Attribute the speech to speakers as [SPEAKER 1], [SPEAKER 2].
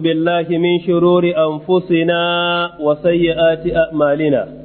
[SPEAKER 1] بالله من شرور أنفسنا وسيئات أعمالنا